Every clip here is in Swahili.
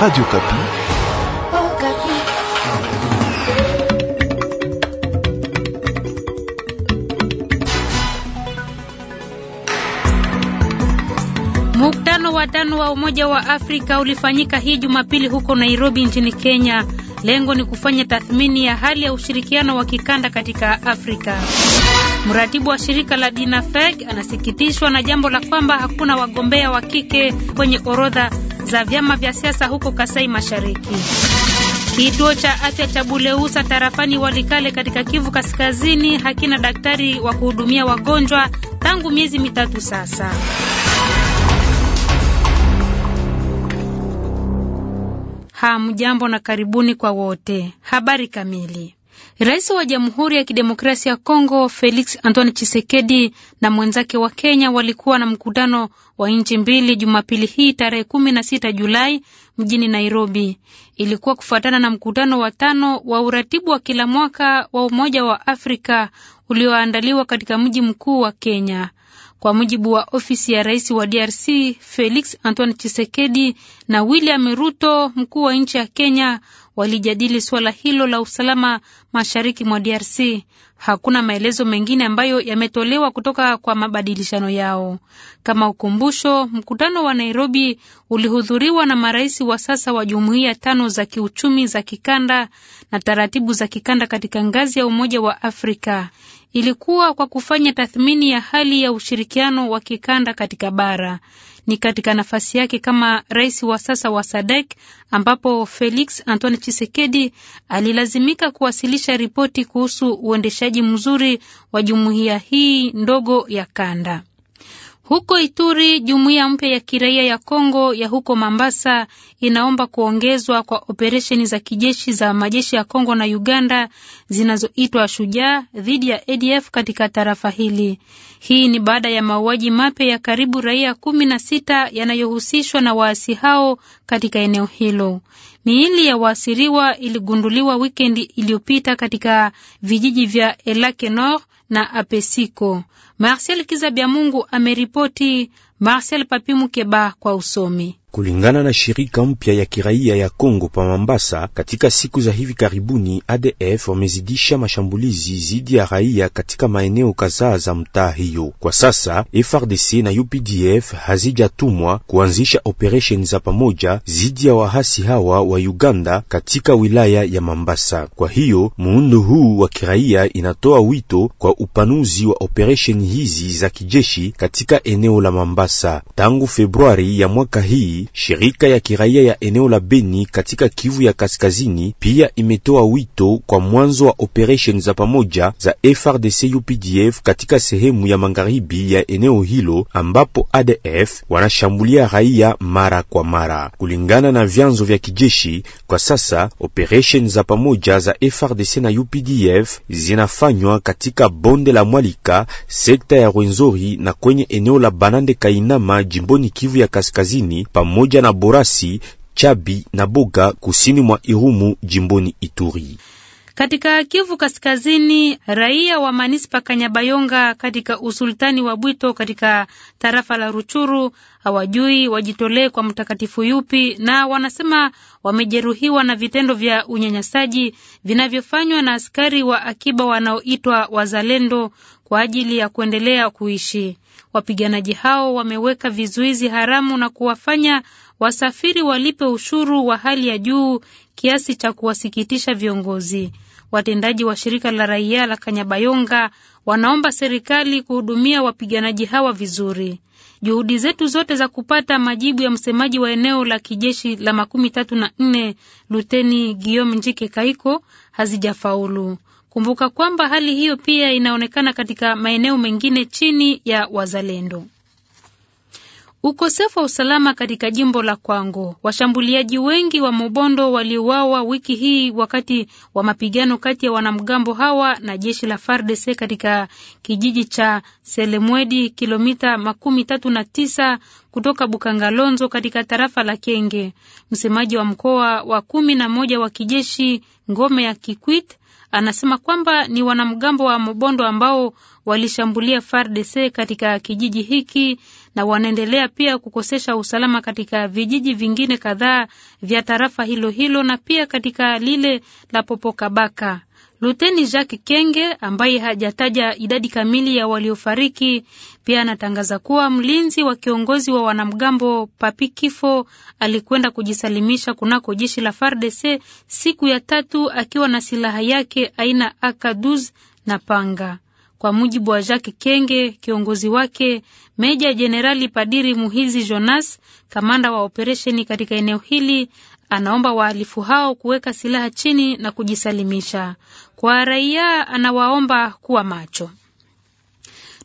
Radio Okapi. Mkutano wa tano wa Umoja wa Afrika ulifanyika hii Jumapili huko Nairobi nchini Kenya. Lengo ni kufanya tathmini ya hali ya ushirikiano wa kikanda katika Afrika. Mratibu wa shirika la Dinafeg anasikitishwa na jambo la kwamba hakuna wagombea wa kike kwenye orodha za vyama vya siasa huko Kasai Mashariki. Kituo cha afya cha Buleusa tarafani Walikale katika Kivu Kaskazini hakina daktari wa kuhudumia wagonjwa tangu miezi mitatu sasa. Hamjambo na karibuni kwa wote. Habari kamili. Rais wa Jamhuri ya Kidemokrasia ya Kongo Felix Antoine chisekedi na mwenzake wa Kenya walikuwa na mkutano wa nchi mbili Jumapili hii tarehe kumi na sita Julai mjini Nairobi. Ilikuwa kufuatana na mkutano wa tano wa uratibu wa kila mwaka wa Umoja wa Afrika ulioandaliwa katika mji mkuu wa Kenya. Kwa mujibu wa ofisi ya rais wa DRC Felix Antoine chisekedi na William Ruto, mkuu wa nchi ya Kenya walijadili suala hilo la usalama mashariki mwa DRC. Hakuna maelezo mengine ambayo yametolewa kutoka kwa mabadilishano yao. Kama ukumbusho, mkutano wa Nairobi ulihudhuriwa na marais wa sasa wa jumuiya tano za kiuchumi za kikanda na taratibu za kikanda katika ngazi ya Umoja wa Afrika. Ilikuwa kwa kufanya tathmini ya hali ya ushirikiano wa kikanda katika bara ni katika nafasi yake kama rais wa sasa wa SADEK ambapo Felix Antoine chisekedi alilazimika kuwasilisha ripoti kuhusu uendeshaji mzuri wa jumuiya hii ndogo ya kanda. Huko Ituri, jumuiya mpya ya kiraia ya Kongo ya huko Mambasa inaomba kuongezwa kwa operesheni za kijeshi za majeshi ya Kongo na Uganda zinazoitwa Shujaa dhidi ya ADF katika tarafa hili. Hii ni baada ya mauaji mapya ya karibu raia kumi na sita yanayohusishwa na waasi hao katika eneo hilo. Miili ya waasiriwa iligunduliwa wikendi iliyopita katika vijiji vya Elake Nord na Apesiko. Marcel Kizabiamungu ameripoti, Marcel Papimukeba kwa usomi. Kulingana na shirika mpya ya kiraia ya Kongo pa Mambasa, katika siku za hivi karibuni ADF wamezidisha mashambulizi zidi ya raia katika maeneo kadhaa za mtaa hiyo. Kwa sasa FRDC na UPDF hazijatumwa kuanzisha operesheni za pamoja zidi ya wahasi hawa wa Uganda katika wilaya ya Mambasa. Kwa hiyo muundo huu wa kiraia inatoa wito kwa upanuzi wa operesheni hizi za kijeshi katika eneo la Mambasa tangu Februari ya mwaka hii shirika ya kiraia ya eneo la Beni katika Kivu ya Kaskazini pia imetoa wito kwa mwanzo wa operation za pamoja za FRDC UPDF katika sehemu ya magharibi ya eneo hilo ambapo ADF wanashambulia raia mara kwa mara. Kulingana na vyanzo vya kijeshi, kwa sasa operation za pamoja za FRDC na UPDF zinafanywa katika bonde la Mwalika, sekta ya Rwenzori na kwenye eneo la Banande Kainama, jimboni Kivu ya Kaskazini pamoja pamoja na Borasi, Chabi na Boga kusini mwa Irumu jimboni Ituri. Katika Kivu Kaskazini, raia wa manispa Kanyabayonga katika usultani wa Bwito katika tarafa la Ruchuru hawajui wajitolee kwa mtakatifu yupi, na wanasema wamejeruhiwa na vitendo vya unyanyasaji vinavyofanywa na askari wa akiba wanaoitwa wazalendo kwa ajili ya kuendelea kuishi. Wapiganaji hao wameweka vizuizi haramu na kuwafanya wasafiri walipe ushuru wa hali ya juu kiasi cha kuwasikitisha viongozi. Watendaji wa shirika la raia la Kanyabayonga wanaomba serikali kuhudumia wapiganaji hawa vizuri. Juhudi zetu zote za kupata majibu ya msemaji wa eneo la kijeshi la makumi tatu na nne Luteni Giom Njike Kaiko hazijafaulu. Kumbuka kwamba hali hiyo pia inaonekana katika maeneo mengine chini ya wazalendo. Ukosefu wa usalama katika jimbo la Kwango. Washambuliaji wengi wa Mobondo waliuawa wiki hii wakati wa mapigano kati ya wanamgambo hawa na jeshi la FARDC katika kijiji cha Selemwedi, kilomita makumi tatu na tisa kutoka Bukangalonzo katika tarafa la Kenge. Msemaji wa mkoa wa kumi na moja wa kijeshi ngome ya Kikwit anasema kwamba ni wanamgambo wa Mobondo ambao walishambulia FARDC katika kijiji hiki na wanaendelea pia kukosesha usalama katika vijiji vingine kadhaa vya tarafa hilo hilo na pia katika lile la Popokabaka. Luteni Jacques Kenge ambaye hajataja idadi kamili ya waliofariki, pia anatangaza kuwa mlinzi wa kiongozi wa wanamgambo Papi Kifo alikwenda kujisalimisha kunako jeshi la FARDC siku ya tatu akiwa na silaha yake aina AK-12 na panga. Kwa mujibu wa Jacques Kenge, kiongozi wake Meja Jenerali Padiri Muhizi Jonas, kamanda wa operesheni katika eneo hili, anaomba wahalifu hao kuweka silaha chini na kujisalimisha kwa raia anawaomba kuwa macho.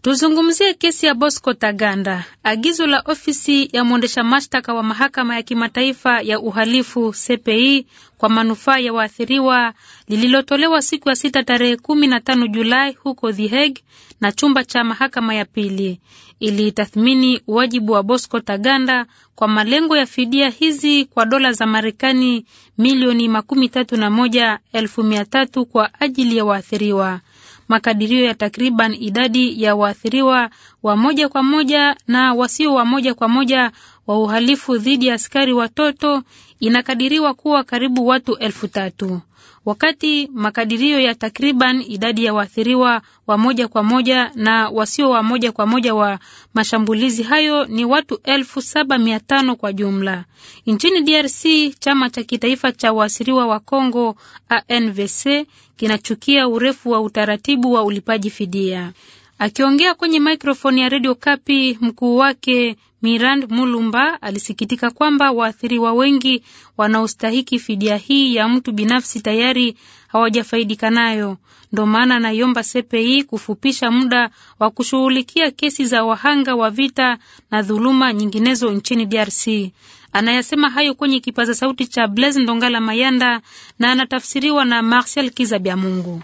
Tuzungumzie kesi ya Bosco Taganda. Agizo la ofisi ya mwendesha mashtaka wa mahakama ya kimataifa ya uhalifu CPI kwa manufaa ya waathiriwa lililotolewa siku ya sita tarehe kumi na tano Julai huko The Hague na chumba cha mahakama ya pili. Ilitathmini wajibu wa Bosco Taganda kwa malengo ya fidia hizi kwa dola za Marekani milioni makumi tatu na moja elfu mia tatu kwa ajili ya waathiriwa, makadirio ya takriban idadi ya waathiriwa wa moja kwa moja na wasio wa moja kwa moja wa uhalifu dhidi ya askari watoto inakadiriwa kuwa karibu watu elfu tatu wakati makadirio ya takriban idadi ya waathiriwa wa moja kwa moja na wasio wa moja kwa moja wa mashambulizi hayo ni watu elfu saba mia tano kwa jumla. Nchini DRC, chama cha kitaifa cha waasiriwa wa congo ANVC kinachukia urefu wa utaratibu wa ulipaji fidia. Akiongea kwenye mikrofoni ya redio Kapi, mkuu wake Mirand Mulumba alisikitika kwamba waathiriwa wengi wanaostahiki fidia hii ya mtu binafsi tayari hawajafaidika nayo. Ndo maana anaiomba CPI kufupisha muda wa kushughulikia kesi za wahanga wa vita na dhuluma nyinginezo nchini DRC. Anayasema hayo kwenye kipaza sauti cha Blaise Ndongala Mayanda na anatafsiriwa na Marcel mungu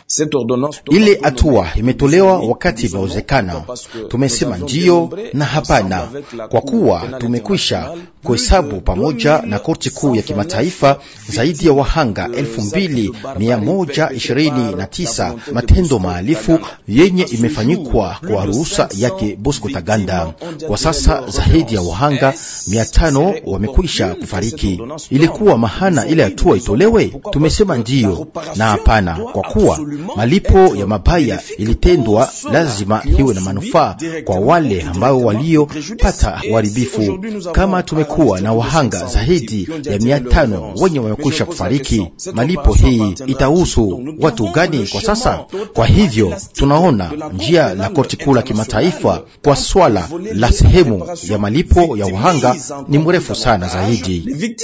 Ile hatua imetolewa wakati imewezekana, tumesema ndiyo na hapana, kwa kuwa tumekwisha kuhesabu pamoja na korti kuu ya kimataifa zaidi ya wahanga 2129 matendo maalifu yenye imefanyikwa kwa ruhusa yake Bosco Taganda. Kwa sasa zaidi ya wahanga 500 wame kwisha kufariki. Ilikuwa mahana ile hatua itolewe? Tumesema ndiyo na hapana, kwa kuwa malipo ya mabaya ilitendwa lazima iwe na manufaa kwa wale ambao waliopata uharibifu. Kama tumekuwa na wahanga zaidi ya mia tano wenye wamekwisha kufariki, malipo hii itahusu watu gani kwa sasa? Kwa hivyo tunaona njia la korti kuu la kimataifa kwa swala la sehemu ya malipo ya wahanga ni mrefu sana na zaidi.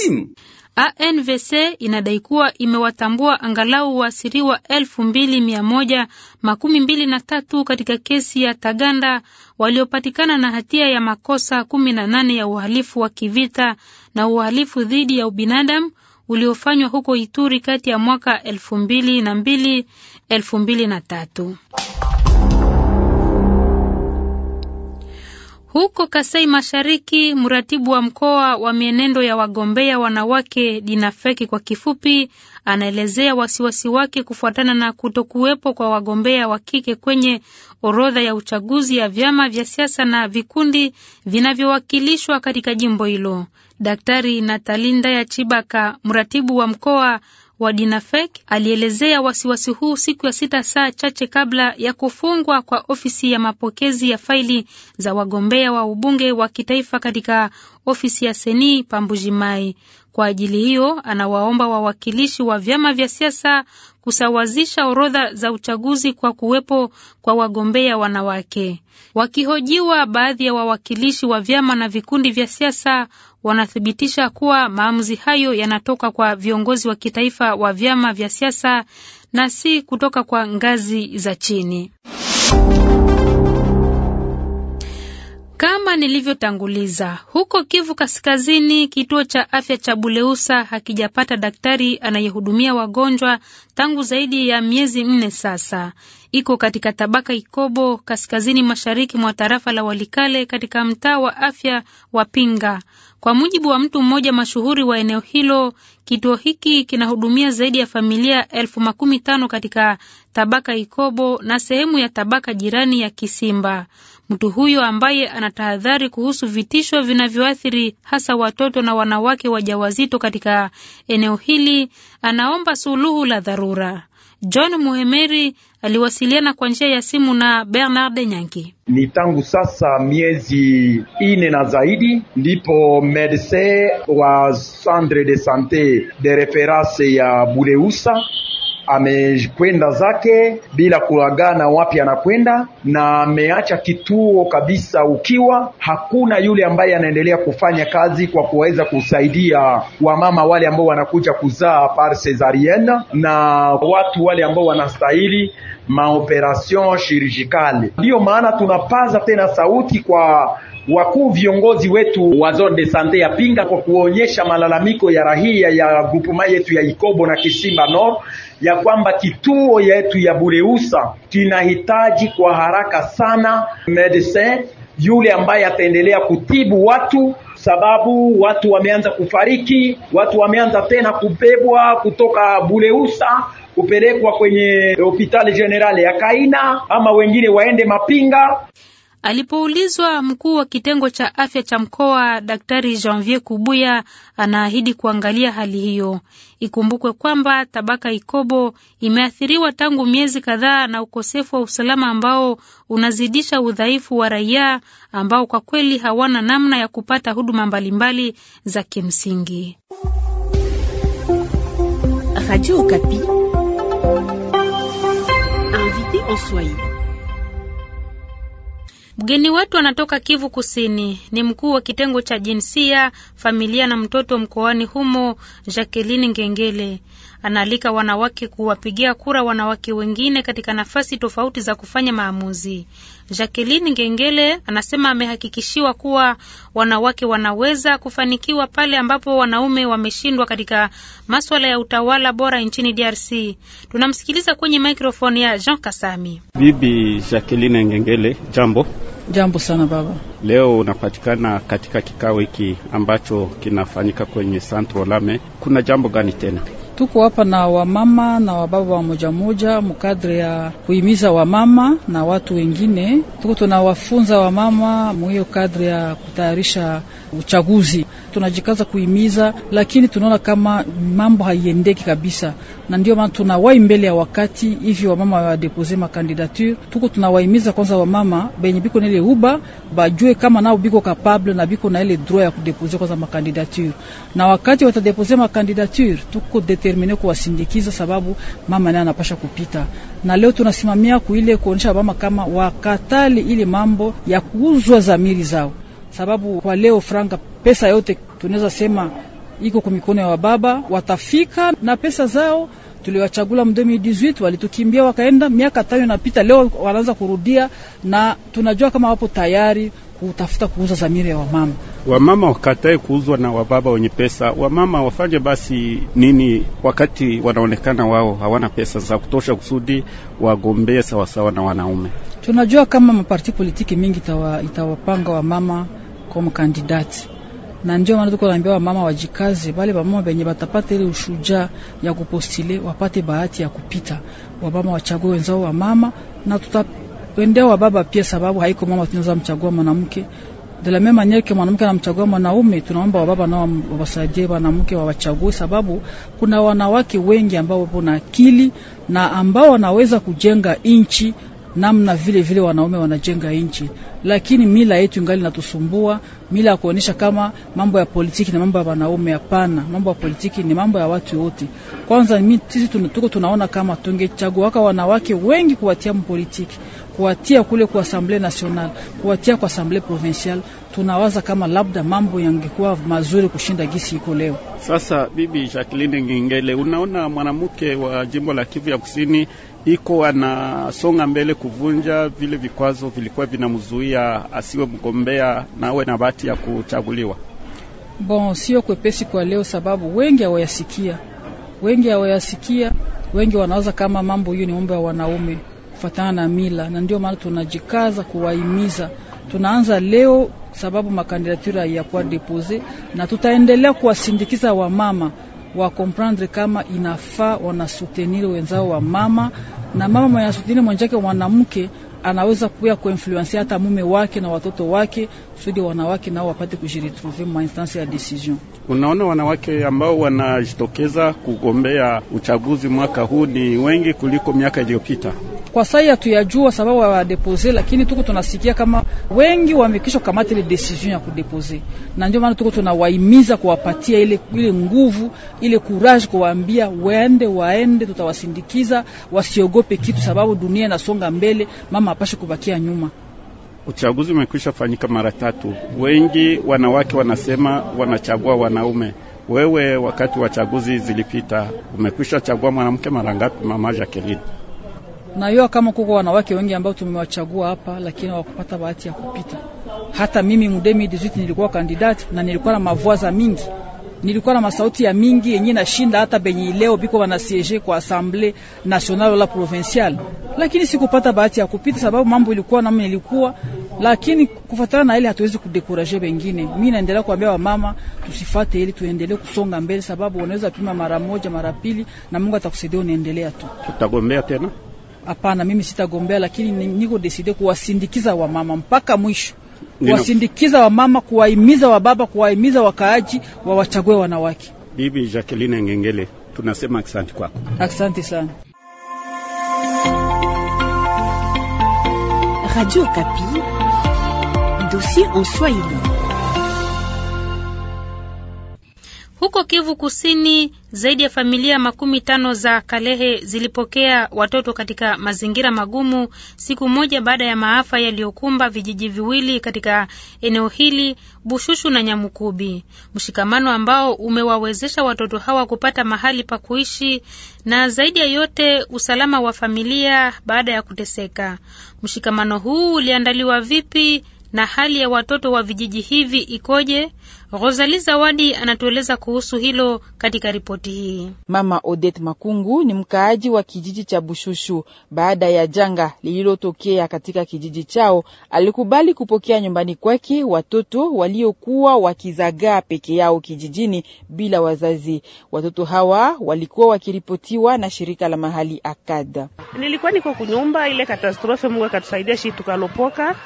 ANVC inadai kuwa imewatambua angalau waasiriwa elfu mbili mia moja makumi mbili na tatu katika kesi ya Taganda waliopatikana na hatia ya makosa kumi na nane ya uhalifu wa kivita na uhalifu dhidi ya ubinadamu uliofanywa huko Ituri kati ya mwaka elfu mbili na mbili elfu mbili na tatu. Huko Kasai Mashariki, mratibu wa mkoa wa mienendo ya wagombea wanawake Dinafeki kwa kifupi, anaelezea wasiwasi wake kufuatana na kutokuwepo kwa wagombea wa kike kwenye orodha ya uchaguzi ya vyama vya siasa na vikundi vinavyowakilishwa katika jimbo hilo. Daktari Natalinda ya Chibaka, mratibu wa mkoa wa Dinafek alielezea wasiwasi huu siku ya sita saa chache kabla ya kufungwa kwa ofisi ya mapokezi ya faili za wagombea wa ubunge wa kitaifa katika ofisi ya Seni Pambujimai. Kwa ajili hiyo, anawaomba wawakilishi wa vyama vya siasa kusawazisha orodha za uchaguzi kwa kuwepo kwa wagombea wanawake. Wakihojiwa, baadhi ya wawakilishi wa vyama na vikundi vya siasa wanathibitisha kuwa maamuzi hayo yanatoka kwa viongozi wa kitaifa wa vyama vya siasa na si kutoka kwa ngazi za chini. Kama nilivyotanguliza huko Kivu Kaskazini, kituo cha afya cha Buleusa hakijapata daktari anayehudumia wagonjwa tangu zaidi ya miezi nne sasa. Iko katika tabaka Ikobo, kaskazini mashariki mwa tarafa la Walikale, katika mtaa wa afya wa Pinga. Kwa mujibu wa mtu mmoja mashuhuri wa eneo hilo, kituo hiki kinahudumia zaidi ya familia elfu makumi tano katika tabaka Ikobo na sehemu ya tabaka jirani ya Kisimba. Mtu huyo ambaye anatahadhari kuhusu vitisho vinavyoathiri hasa watoto na wanawake wajawazito katika eneo hili, anaomba suluhu la dharura. John Muhemeri aliwasiliana kwa njia ya simu na Bernard Nyanki. Ni tangu sasa miezi ine na zaidi ndipo medecin wa centre de sante de reference ya Buleusa amekwenda zake bila kuagana wapi anakwenda, na ameacha kituo kabisa ukiwa, hakuna yule ambaye anaendelea kufanya kazi kwa kuweza kusaidia wamama wale ambao wanakuja kuzaa par cesarienne na watu wale ambao wanastahili maoperasyon chirurgikali. Ndiyo maana tunapaza tena sauti kwa wakuu viongozi wetu wa zone de sante ya Pinga kwa kuonyesha malalamiko ya rahia ya grupuma yetu ya Ikobo na Kisimba Nord ya kwamba kituo yetu ya Bureusa kinahitaji kwa haraka sana medecin yule ambaye ataendelea kutibu watu sababu watu wameanza kufariki, watu wameanza tena kubebwa kutoka Buleusa kupelekwa kwenye hospitali generale ya Kaina ama wengine waende Mapinga. Alipoulizwa, mkuu wa kitengo cha afya cha mkoa Daktari Janvier Kubuya anaahidi kuangalia hali hiyo. Ikumbukwe kwamba tabaka Ikobo imeathiriwa tangu miezi kadhaa na ukosefu wa usalama ambao unazidisha udhaifu wa raia ambao kwa kweli hawana namna ya kupata huduma mbalimbali za kimsingi. Radio Okapi. Mgeni wetu anatoka Kivu Kusini, ni mkuu wa kitengo cha jinsia, familia na mtoto mkoani humo, Jacqueline Ngengele anaalika wanawake kuwapigia kura wanawake wengine katika nafasi tofauti za kufanya maamuzi. Jacqueline Ngengele anasema amehakikishiwa kuwa wanawake wanaweza kufanikiwa pale ambapo wanaume wameshindwa katika maswala ya utawala bora nchini DRC. Tunamsikiliza kwenye microphone ya Jean Kasami. Bibi Jacqueline Ngengele, jambo. Jambo sana baba. Leo unapatikana katika kikao hiki ambacho kinafanyika kwenye Centro Lame. Kuna jambo gani tena? Tuko hapa na wamama na wababa wa moja moja mukadri ya kuhimiza wamama na watu wengine, tuko tunawafunza wamama mwiyo kadri ya kutayarisha uchaguzi. Tunajikaza kuhimiza, lakini tunaona kama mambo haiendeki kabisa, na ndio maana tunawai mbele ya wakati hivi wamama wadepose makandidature. Tuko tunawahimiza kwanza wamama benye biko na ile uba bajue kama nao biko kapable na biko na ile droit ya kudepose kwanza makandidature, na wakati watadepose makandidature tuko determine kuwasindikiza, sababu mama naye anapasha kupita. Na leo tunasimamia kuile kuonesha wamama kama wakatali ile mambo ya kuuzwa zamiri zao sababu kwa leo franga, pesa yote tunaweza sema iko mikono ya wababa. Watafika na pesa zao, tuliwachagula mu 2018 walitukimbia wakaenda, miaka tano inapita, leo wanaanza kurudia, na tunajua kama wapo tayari kutafuta kuuza zamiri ya wamama. Wamama wakatae kuuzwa na wababa wenye pesa. Wamama wafanye basi nini wakati wanaonekana wao hawana pesa za kutosha kusudi wagombee sawasawa na wanaume? Tunajua kama maparti politiki mingi itawa, itawapanga wamama comme kandidati na ndio maana tuko naambia wamama wajikaze, wale wamama benye batapata ile ushuja ya kupostile wapate bahati ya kupita, wamama wachague wenzao wamama, na tutapendea baba pia, sababu haiko mama tunaweza mchagua mwanamke de la même manière que mwanamke anamchagua mwanaume. Tunaomba wababa nao wawasaidie wanamke wawachague, sababu kuna wanawake wengi ambao wapo na akili na ambao wanaweza kujenga nchi namna vile vile wanaume wanajenga nchi, lakini mila yetu ingali natusumbua, mila ya kuonyesha kama mambo ya politiki na mambo ya wanaume. Hapana, mambo ya politiki ni mambo ya watu wote. Kwanza sisi tuko tunaona kama tungechagua wanawake wengi kuwatia mpolitiki, kuwatia kule kwa assemblée national, kuwatia kwa assemblée provincial, tunawaza kama labda mambo yangekuwa mazuri kushinda gisi iko leo. Sasa Bibi Jacqueline Ngingele, unaona mwanamke wa jimbo la Kivu ya Kusini iko anasonga mbele kuvunja vile vikwazo vilikuwa vinamzuia asiwe mgombea na awe na bahati ya kuchaguliwa. Bon, sio kwepesi kwa leo, sababu wengi hawayasikia, wengi hawayasikia, wengi wanawaza kama mambo hiyo ni mambo ya wanaume kufatana na mila, na ndio maana tunajikaza kuwahimiza. Tunaanza leo sababu makandidatura ya kwa depose, na tutaendelea kuwasindikiza wamama wa comprendre kama inafaa wanasutenir wenzao wa mama na mama mwenye anasutenir mwenjake mwanamke anaweza kuya kuinfluensia hata mume wake na watoto wake kusudi wanawake nao wapate kujiretrouver ma instance ya decision. Unaona, wanawake ambao wanajitokeza kugombea uchaguzi mwaka huu ni wengi kuliko miaka iliyopita. Kwa sasa hatuyajua sababu wawadepose, lakini tuko tunasikia kama wengi wamekisha kukamata ile decision ya kudepose, na ndio maana tuko tunawahimiza kuwapatia ile, ile nguvu ile courage, kuwaambia waende, waende, tutawasindikiza, wasiogope kitu sababu dunia inasonga mbele, mama apashe kubakia nyuma. Uchaguzi umekwisha fanyika mara tatu. Wengi wanawake wanasema wanachagua wanaume. Wewe wakati wa chaguzi zilipita umekwisha chagua mwanamke mara ngapi, mama Jacqueline? Najua kama kuko wanawake wengi ambao tumewachagua hapa, lakini hawakupata bahati ya kupita. Hata mimi mudemi 18 nilikuwa kandidati na nilikuwa na mavwaza mingi nilikuwa na masauti ya mingi yenye nashinda hata benye leo biko wana siege kwa Assemble Nationale la Provinciale, lakini sikupata bahati ya kupita sababu mambo ilikuwa namna ilikuwa. Lakini kufuatana na ile hatuwezi kudekuraje wengine. Mimi naendelea kuambia wamama tusifate, ili tuendelee kusonga mbele, sababu unaweza pima mara moja mara pili na Mungu atakusaidia unaendelea tu. Tutagombea tena? Hapana, mimi sitagombea, lakini niko deside kuwasindikiza wamama mpaka mwisho kuwasindikiza wamama, kuwahimiza wababa, kuwahimiza wakaaji wawachague wanawake. Bibi Jacqueline Ngengele, tunasema asante kwako. Asante sana. Radio Kapi, dossier en Swahili. Huko Kivu Kusini, zaidi ya familia makumi tano za Kalehe zilipokea watoto katika mazingira magumu siku moja baada ya maafa yaliyokumba vijiji viwili katika eneo hili, Bushushu na Nyamukubi, mshikamano ambao umewawezesha watoto hawa kupata mahali pa kuishi na zaidi ya yote usalama wa familia baada ya kuteseka. Mshikamano huu uliandaliwa vipi na hali ya watoto wa vijiji hivi ikoje? Rosali Zawadi anatueleza kuhusu hilo katika ripoti hii. Mama Odette Makungu ni mkaaji wa kijiji cha Bushushu. Baada ya janga lililotokea katika kijiji chao, alikubali kupokea nyumbani kwake watoto waliokuwa wakizagaa peke yao kijijini bila wazazi. Watoto hawa walikuwa wakiripotiwa na shirika la mahali Akada. Nilikuwa niko kunyumba ile katastrofe, Mungu akatusaidia shi tukalopoka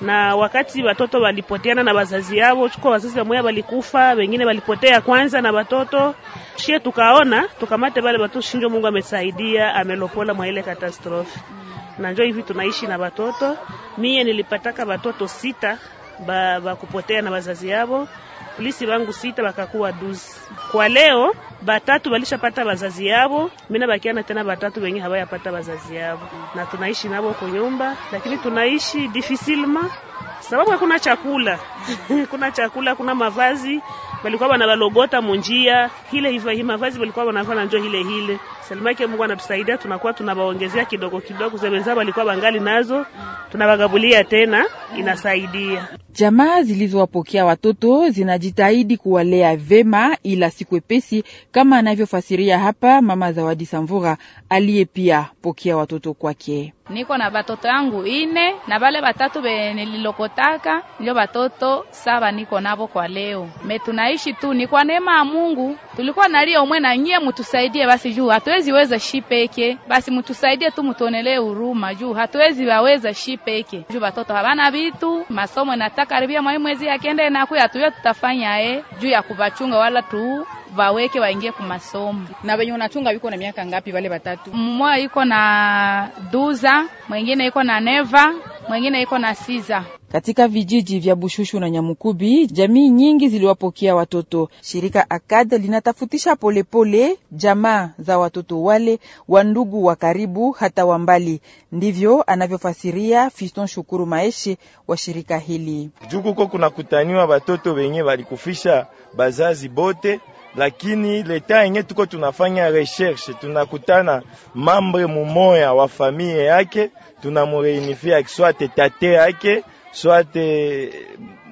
na wakati watoto walipoteana na wazazi yao, chukua wazazi wamoya walikufa, wengine walipotea kwanza na watoto shie, tukaona tukamate wale watu shinjo, Mungu amesaidia amelopola mwa ile katastrofe, na njoo hivi tunaishi na watoto. Mie nilipataka watoto sita ba, ba kupotea na wazazi yao polisi bangu sita bakakuwa duzi kwa leo, batatu walishapata bazazi yabo, mina bakiana tena batatu wenye hawayapata bazazi yabo, na tunaishi nabo kwa nyumba, lakini tunaishi difisilma sababu hakuna chakula kuna chakula, kuna mavazi balikuwa banabalogota munjia hile hivyo, hi mavazi balikuwa banavana njo hile hile selimake Mungu anatusaidia, tunakuwa tunawaongezea kidogo kidogo, zemeza walikuwa bangali nazo tunawagabulia tena, inasaidia. Jamaa zilizowapokea watoto zinajitahidi kuwalea vema, ila sikwepesi kama anavyofasiria hapa mama Zawadi Samvura aliyepia pokea watoto kwake niko na batoto yangu ine na bale batatu benililokotaka ndio batoto saba niko nabo kwa leo. Metunaishi tu ni kwa neema ya Mungu. Tulikuwa nalia omwe na nyie mutusaidie basi, juu hatuwezi weza shipeke basi mutusaidie tu, mutuonelee huruma juu hatuwezi waweza shipeke juu batoto habana vitu masomo nataka karibia mwezi akende na kuya tuyo tutafanya eh juu ya kubachunga wala tu waweke waingie masomo. Na wenye unatunga wiko na miaka ngapi? Wale watatu, mmoja iko na duza, mwingine iko na neva, mwingine iko na siza. Katika vijiji vya Bushushu na Nyamukubi, jamii nyingi ziliwapokea watoto. Shirika Akad linatafutisha polepole jamaa za watoto wale wa ndugu wa karibu hata wa mbali. Ndivyo anavyofasiria Fiston Shukuru maeshe wa shirika hili. Jukuko kunakutaniwa watoto wenye walikufisha bazazi bote lakini leta yenye tuko tunafanya recherche, tunakutana mambre mumoya wa famie yake, tunamureinifia swate tate yake swate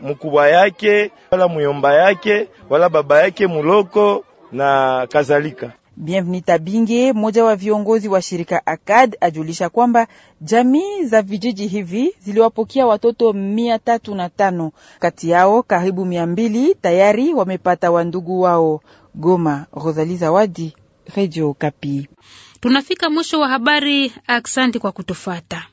mkubwa yake wala muyomba yake wala baba yake muloko na kadhalika. Bienveni Tabinge, mmoja wa viongozi wa shirika akad ajulisha kwamba jamii za vijiji hivi ziliwapokea watoto mia tatu na tano. Kati yao karibu mia mbili tayari wamepata wandugu wao. Goma, Rosalie Zawadi, redio Kapi. Tunafika mwisho wa habari. Aksanti kwa kutufata.